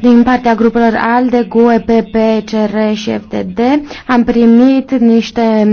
Din partea grupelor ALDE, GUE, PP, CR și FTD am primit niște